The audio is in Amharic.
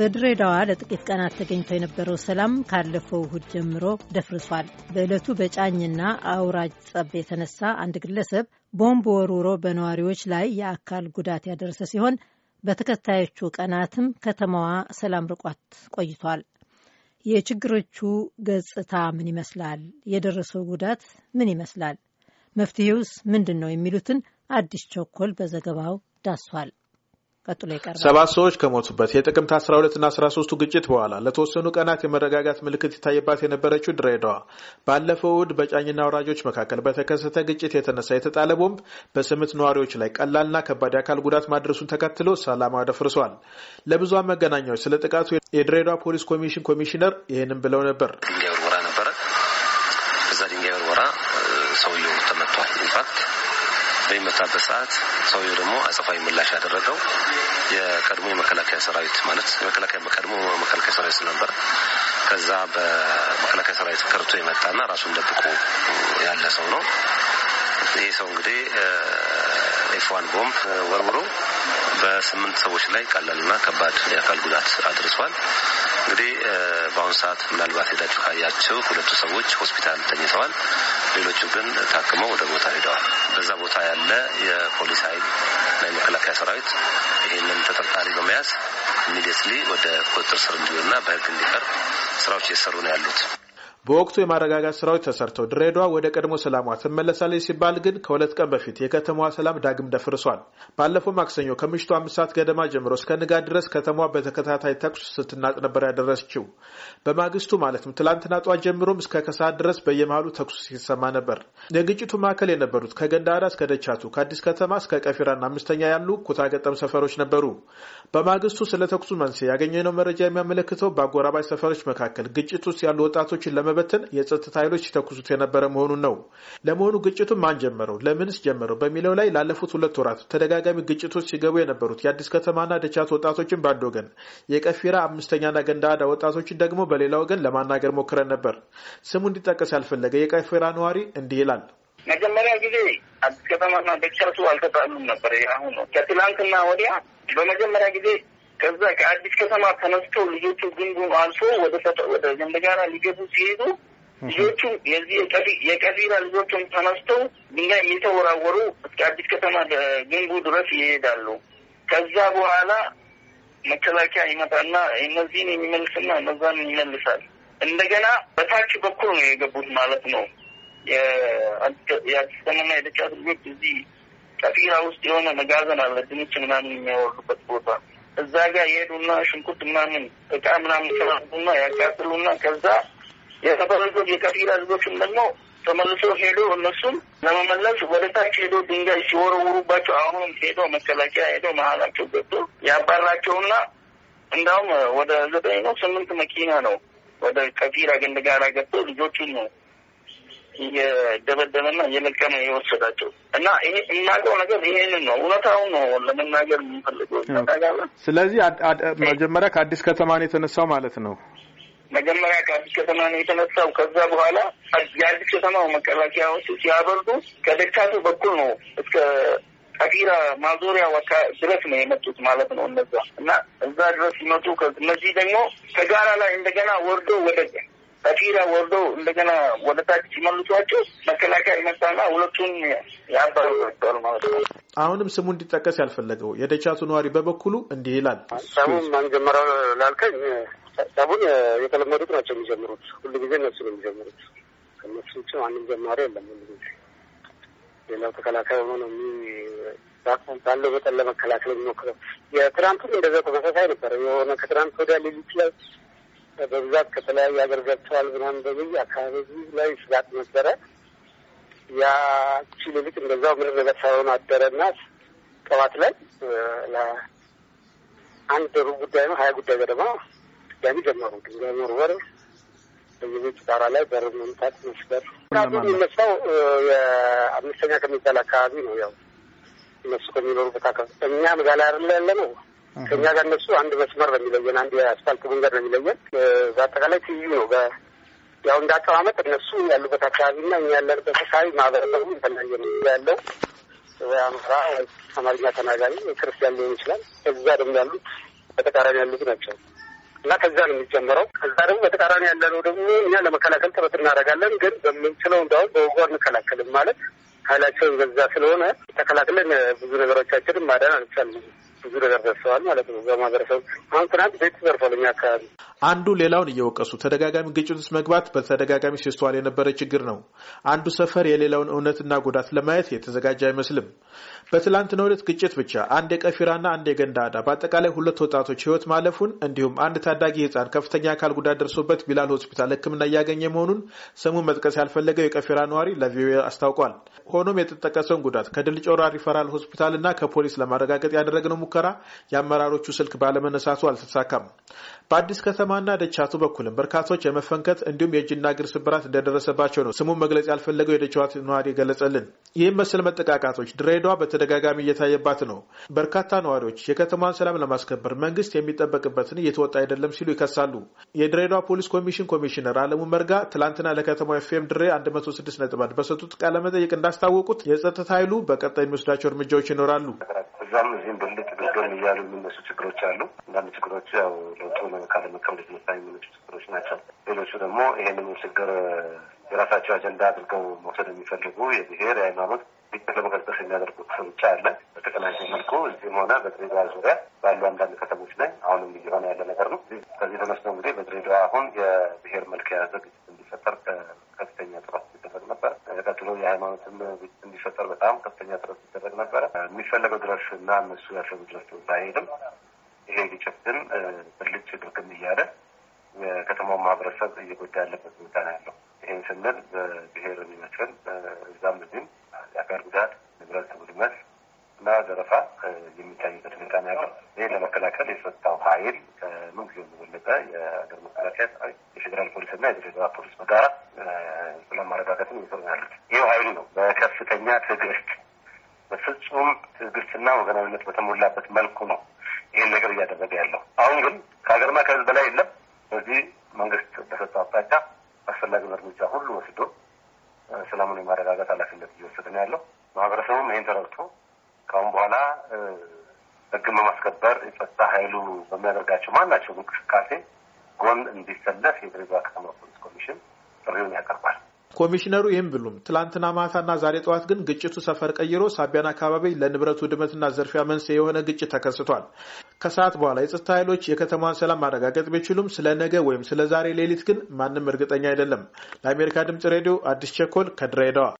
በድሬዳዋ ለጥቂት ቀናት ተገኝቶ የነበረው ሰላም ካለፈው እሁድ ጀምሮ ደፍርሷል። በዕለቱ በጫኝና አውራጅ ጸብ የተነሳ አንድ ግለሰብ ቦምብ ወርውሮ በነዋሪዎች ላይ የአካል ጉዳት ያደረሰ ሲሆን በተከታዮቹ ቀናትም ከተማዋ ሰላም ርቋት ቆይቷል። የችግሮቹ ገጽታ ምን ይመስላል? የደረሰው ጉዳት ምን ይመስላል? መፍትሄውስ ምንድን ነው? የሚሉትን አዲስ ቸኮል በዘገባው ዳሷል። ቀጥሎ ይቀርባል። ሰባት ሰዎች ከሞቱበት የጥቅምት 12ና 13 ግጭት በኋላ ለተወሰኑ ቀናት የመረጋጋት ምልክት ይታይባት የነበረችው ድሬዳዋ ባለፈው እሁድ በጫኝና ወራጆች መካከል በተከሰተ ግጭት የተነሳ የተጣለ ቦምብ በስምንት ነዋሪዎች ላይ ቀላልና ከባድ የአካል ጉዳት ማድረሱን ተከትሎ ሰላም አደፍርሷል። ለብዙሃን መገናኛዎች ስለ ጥቃቱ የድሬዳዋ ፖሊስ ኮሚሽን ኮሚሽነር ይህንም ብለው ነበር። በሚመታበት ሰዓት ሰውየው ደግሞ አጸፋዊ ምላሽ ያደረገው የቀድሞ የመከላከያ ሰራዊት ማለት መከላከያ በቀድሞ መከላከያ ሰራዊት ስለነበር ከዛ በመከላከያ ሰራዊት ከርቶ የመጣና ራሱን ደብቆ ያለ ሰው ነው። ይህ ሰው እንግዲህ ኤፍዋን ቦምብ ወርውሮ በስምንት ሰዎች ላይ ቀላልና ከባድ የአካል ጉዳት አድርሷል። እንግዲህ በአሁኑ ሰዓት ምናልባት ሄዳችሁ ካያችሁ ሁለቱ ሰዎች ሆስፒታል ተኝተዋል። ሌሎቹ ግን ታክመው ወደ ቦታ ሄደዋል። በዛ ቦታ ያለ የፖሊስ ኃይል እና የመከላከያ ሰራዊት ይህንን ተጠርጣሪ በመያዝ ኢሚዲየትሊ ወደ ቁጥጥር ስር እንዲውልና በህግ እንዲቀርብ ስራዎች እየሰሩ ነው ያሉት። በወቅቱ የማረጋጋት ስራዎች ተሰርተው ድሬዷ ወደ ቀድሞ ሰላሟ ትመለሳለች ሲባል ግን ከሁለት ቀን በፊት የከተማዋ ሰላም ዳግም ደፍርሷል። ባለፈው ማክሰኞ ከምሽቱ አምስት ሰዓት ገደማ ጀምሮ እስከ ንጋት ድረስ ከተማዋ በተከታታይ ተኩስ ስትናጥ ነበር ያደረስችው። በማግስቱ ማለትም ትላንትና ጧት ጀምሮም እስከ ከሰዓት ድረስ በየመሃሉ ተኩስ ሲሰማ ነበር። የግጭቱ ማዕከል የነበሩት ከገንዳዳ እስከ ደቻቱ፣ ከአዲስ ከተማ እስከ ቀፊራና አምስተኛ ያሉ ኩታገጠም ሰፈሮች ነበሩ። በማግስቱ ስለ ተኩሱ መንስኤ ያገኘነው መረጃ የሚያመለክተው በአጎራባች ሰፈሮች መካከል ግጭት ውስጥ ያሉ ወጣቶችን ለመ ለመበተን የጸጥታ ኃይሎች ሲተኩሱት የነበረ መሆኑን ነው። ለመሆኑ ግጭቱን ማን ጀመረው? ለምንስ ጀመረው? በሚለው ላይ ላለፉት ሁለት ወራት ተደጋጋሚ ግጭቶች ሲገቡ የነበሩት የአዲስ ከተማና ደቻት ወጣቶችን በአንድ ወገን፣ የቀፊራ አምስተኛና ገንዳዳ ወጣቶችን ደግሞ በሌላ ወገን ለማናገር ሞክረን ነበር። ስሙ እንዲጠቀስ ያልፈለገ የቀፊራ ነዋሪ እንዲህ ይላል። መጀመሪያ ጊዜ አዲስ ከተማና ደቻቱ አልተጣሉም ነበር። አሁን ከትላንትና ወዲያ በመጀመሪያ ጊዜ ከዛ ከአዲስ ከተማ ተነስተው ልጆቹ ግንቡን አልፎ ወደ ወደ ዘንበጋራ ሊገቡ ሲሄዱ ልጆቹ የዚህ የቀፊራ ልጆቹን ተነስተው ድንጋይ እየተወራወሩ እስከ አዲስ ከተማ ግንቡ ድረስ ይሄዳሉ። ከዛ በኋላ መከላከያ ይመጣና እነዚህን የሚመልስና እነዛን ይመልሳል። እንደገና በታች በኩል ነው የገቡት ማለት ነው። የአዲስ ከተማና የደጫት ልጆች እዚህ ቀፊራ ውስጥ የሆነ መጋዘን አለ ድንች ምናምን የሚያወርዱበት ቦታ እዛ ጋር የሄዱና ሽንኩርት ምናምን እቃ ምናምን ሰራቡና ያቃጥሉና ከዛ የተፈረዙ የከፊል ህዝቦችም ደግሞ ተመልሶ ሄዶ እነሱም ለመመለስ ወደ ታች ሄዶ ድንጋይ ሲወረውሩባቸው አሁንም ሄዶ መከላከያ ሄዶ መሀላቸው ገብቶ ያባራቸውና እንዳውም ወደ ዘጠኝ ነው ስምንት መኪና ነው ወደ ከፊራ ግንድ ጋር ገብቶ ልጆቹን ነው እየደበደበና እየለቀመ የወሰዳቸው እና ይሄ የማውቀው ነገር ይሄንን ነው። እውነታውን ነው ለመናገር የምንፈልገው። ስለዚህ መጀመሪያ ከአዲስ ከተማ ነው የተነሳው ማለት ነው። መጀመሪያ ከአዲስ ከተማ ነው የተነሳው። ከዛ በኋላ የአዲስ ከተማው መከላከያዎቹ ሲያበርዱ ከደካቱ በኩል ነው እስከ ቀፊራ ማዞሪያ ወካ ድረስ ነው የመጡት ማለት ነው እነዛ እና እዛ ድረስ ሲመጡ እነዚህ ደግሞ ከጋራ ላይ እንደገና ወርዶ ወደ ከፊራ ወርዶ እንደገና ወደ ታች ሲመልሷቸው መከላከያ ይመጣና ሁለቱን ያባረሯቸዋል ማለት ነው። አሁንም ስሙ እንዲጠቀስ ያልፈለገው የደቻቱ ነዋሪ በበኩሉ እንዲህ ይላል። ሰሙን ማን ላልከኝ፣ ሰሙን የተለመዱት ናቸው የሚጀምሩት። ሁሉ ጊዜ እነሱ ነው የሚጀምሩት። ከነሱ ውጭ ማንም ጀማሪ የለም። ሁሉ ጊዜ ሌላው ተከላካይ ሆኖ ባለው በጠን ለመከላከል የሚሞክረው። የትናንቱም እንደዛ ተመሳሳይ ነበረ። የሆነ ከትናንት ወዲያ ሌሊት ላይ በብዛት ከተለያዩ ሀገር ገብተዋል ምናምን በሚል አካባቢ ላይ ስጋት ነበረ። ያቺ ሌሊት እንደዛው ምንም ነገር ሳይሆን አደረና ጠዋት ላይ አንድ ሩብ ጉዳይ ነው ሀያ ጉዳይ ገደማ ድጋሚ ጀመሩ። ድንጋይ መወርወር፣ በየቤቱ ጣራ ላይ በር መምታት፣ መስበር። ቃሉ የሚነሳው የአምስተኛ ከሚባል አካባቢ ነው። ያው እነሱ ከሚኖሩበት አካባቢ እኛ ምዛላ ያለ ነው ከእኛ ጋር እነሱ አንድ መስመር ነው የሚለየን፣ አንድ የአስፋልት መንገድ ነው የሚለየን። በአጠቃላይ ትይዩ ነው። ያው እንደ አቀማመጥ እነሱ ያሉበት አካባቢና እኛ ያለንበት አካባቢ ማህበረሰቡ የተለያየ ነው ያለው። አማራ አማርኛ ተናጋሪ ክርስቲያን ሊሆን ይችላል። ከዛ ደግሞ ያሉት በተቃራኒ ያሉት ናቸው እና ከዛ ነው የሚጀምረው። ከዛ ደግሞ በተቃራኒ ያለነው ደግሞ እኛ ለመከላከል ጥረት እናደርጋለን፣ ግን በምንችለው እንዳሁን በወጉ እንከላከልም ማለት ኃይላቸውን በዛ ስለሆነ ተከላክለን ብዙ ነገሮቻችንም ማዳን አልቻልንም። ብዙ ነገር ደርሰዋል ማለት ነው። እዛ ማህበረሰብ አሁን ትናንት ቤት ተዘርፏል። እኛ አካባቢ አንዱ ሌላውን እየወቀሱ ተደጋጋሚ ግጭት መግባት በተደጋጋሚ ሲስተዋል የነበረ ችግር ነው። አንዱ ሰፈር የሌላውን እውነትና ጉዳት ለማየት የተዘጋጀ አይመስልም። በትላንትናው ዕለት ግጭት ብቻ አንድ የቀፊራና አንድ የገንዳ አዳ በአጠቃላይ ሁለት ወጣቶች ህይወት ማለፉን እንዲሁም አንድ ታዳጊ ህፃን ከፍተኛ አካል ጉዳት ደርሶበት ቢላል ሆስፒታል ሕክምና እያገኘ መሆኑን ስሙን መጥቀስ ያልፈለገው የቀፊራ ነዋሪ ለቪኦኤ አስታውቋል። ሆኖም የተጠቀሰውን ጉዳት ከድልጮራ ሪፈራል ሆስፒታልና ከፖሊስ ለማረጋገጥ ያደረግነው ሙከራ የአመራሮቹ ስልክ ባለመነሳቱ አልተሳካም። በአዲስ ከተማና ደቻቱ በኩልም በርካቶች የመፈንከት እንዲሁም የእጅና እግር ስብራት እንደደረሰባቸው ነው ስሙን መግለጽ ያልፈለገው የደቻዋት ነዋሪ ገለጸልን። ይህም መሰል መጠቃቃቶች ድሬዳዋ በተደጋጋሚ እየታየባት ነው። በርካታ ነዋሪዎች የከተማዋን ሰላም ለማስከበር መንግስት የሚጠበቅበትን እየተወጣ አይደለም ሲሉ ይከሳሉ። የድሬዳዋ ፖሊስ ኮሚሽን ኮሚሽነር አለሙ መርጋ ትላንትና ለከተማ ኤፍኤም ድሬ 106 ነጥባት በሰጡት ቃለመጠይቅ እንዳስታወቁት የጸጥታ ኃይሉ በቀጣይ የሚወስዳቸው እርምጃዎች ይኖራሉ። እዛም እዚህም ብልጥ ብልገም እያሉ የሚነሱ ችግሮች አሉ። አንዳንድ ችግሮች ያው ለውጡ ካለመቀበል የተነሳ የሚነሱ ችግሮች ናቸው። ሌሎቹ ደግሞ ይሄንን ችግር የራሳቸው አጀንዳ አድርገው መውሰድ የሚፈልጉ የብሔር የሃይማኖት ግጭት ለመቀስቀስ የሚያደርጉት ሩጫ አለ። በተቀናጀ መልኩ እዚህም ሆነ በድሬዳዋ ዙሪያ ባሉ አንዳንድ ከተሞች ላይ አሁንም እየሆነ ያለ ነገር ነው። ከዚህ ተነስቶ እንግዲህ በድሬዳዋ አሁን የብሔር መልክ የያዘ ግጭት የሃይማኖትም ግጭት እንዲፈጠር በጣም ከፍተኛ ጥረት ይደረግ ነበረ። የሚፈለገው ድረስ እና እነሱ ያሰቡ ድረስ ባይሄድም ይሄ ግጭት ግን ብልጭ ድርግም እያለ የከተማውን ማህበረሰብ እየጎዳ ያለበት ሁኔታ ነው ያለው። ይህን ስንል በብሔር የሚመስል እዛም እዚህም የአገር ጉዳት፣ ንብረት ውድመት እና ዘረፋ የሚታይበት ሁኔታ ነው ያለው። ይህን ለመከላከል የጸጥታው ኃይል ከምንጊዜ የበለጠ የአገር መከላከያ የፌዴራል ፖሊስ እና የድሬዳዋ ፖሊስ በጋራ ፍጹም ትዕግስትና ወገናዊነት በተሞላበት መልኩ ነው ይህን ነገር እያደረገ ያለው። አሁን ግን ከሀገርና ከህዝብ በላይ የለም። በዚህ መንግስት በሰጠው አቅጣጫ አስፈላጊውን እርምጃ ሁሉ ወስዶ ሰላሙን የማረጋጋት ኃላፊነት እየወሰደ ነው ያለው። ማህበረሰቡም ይህን ተረድቶ ከአሁን በኋላ ህግን በማስከበር የጸጥታ ኃይሉ በሚያደርጋቸው ማናቸው እንቅስቃሴ ጎን እንዲሰለፍ የድሬዳዋ ከተማ ፖሊስ ኮሚሽን ጥሪውን ያቀርባል። ኮሚሽነሩ ይህም ብሉም ትላንትና ማታና ዛሬ ጠዋት ግን ግጭቱ ሰፈር ቀይሮ ሳቢያን አካባቢ ለንብረቱ ውድመትና ዘርፊያ መንስኤ የሆነ ግጭት ተከስቷል። ከሰዓት በኋላ የጸጥታ ኃይሎች የከተማዋን ሰላም ማረጋገጥ ቢችሉም ስለ ነገ ወይም ስለ ዛሬ ሌሊት ግን ማንም እርግጠኛ አይደለም። ለአሜሪካ ድምጽ ሬዲዮ አዲስ ቸኮል ከድሬዳዋ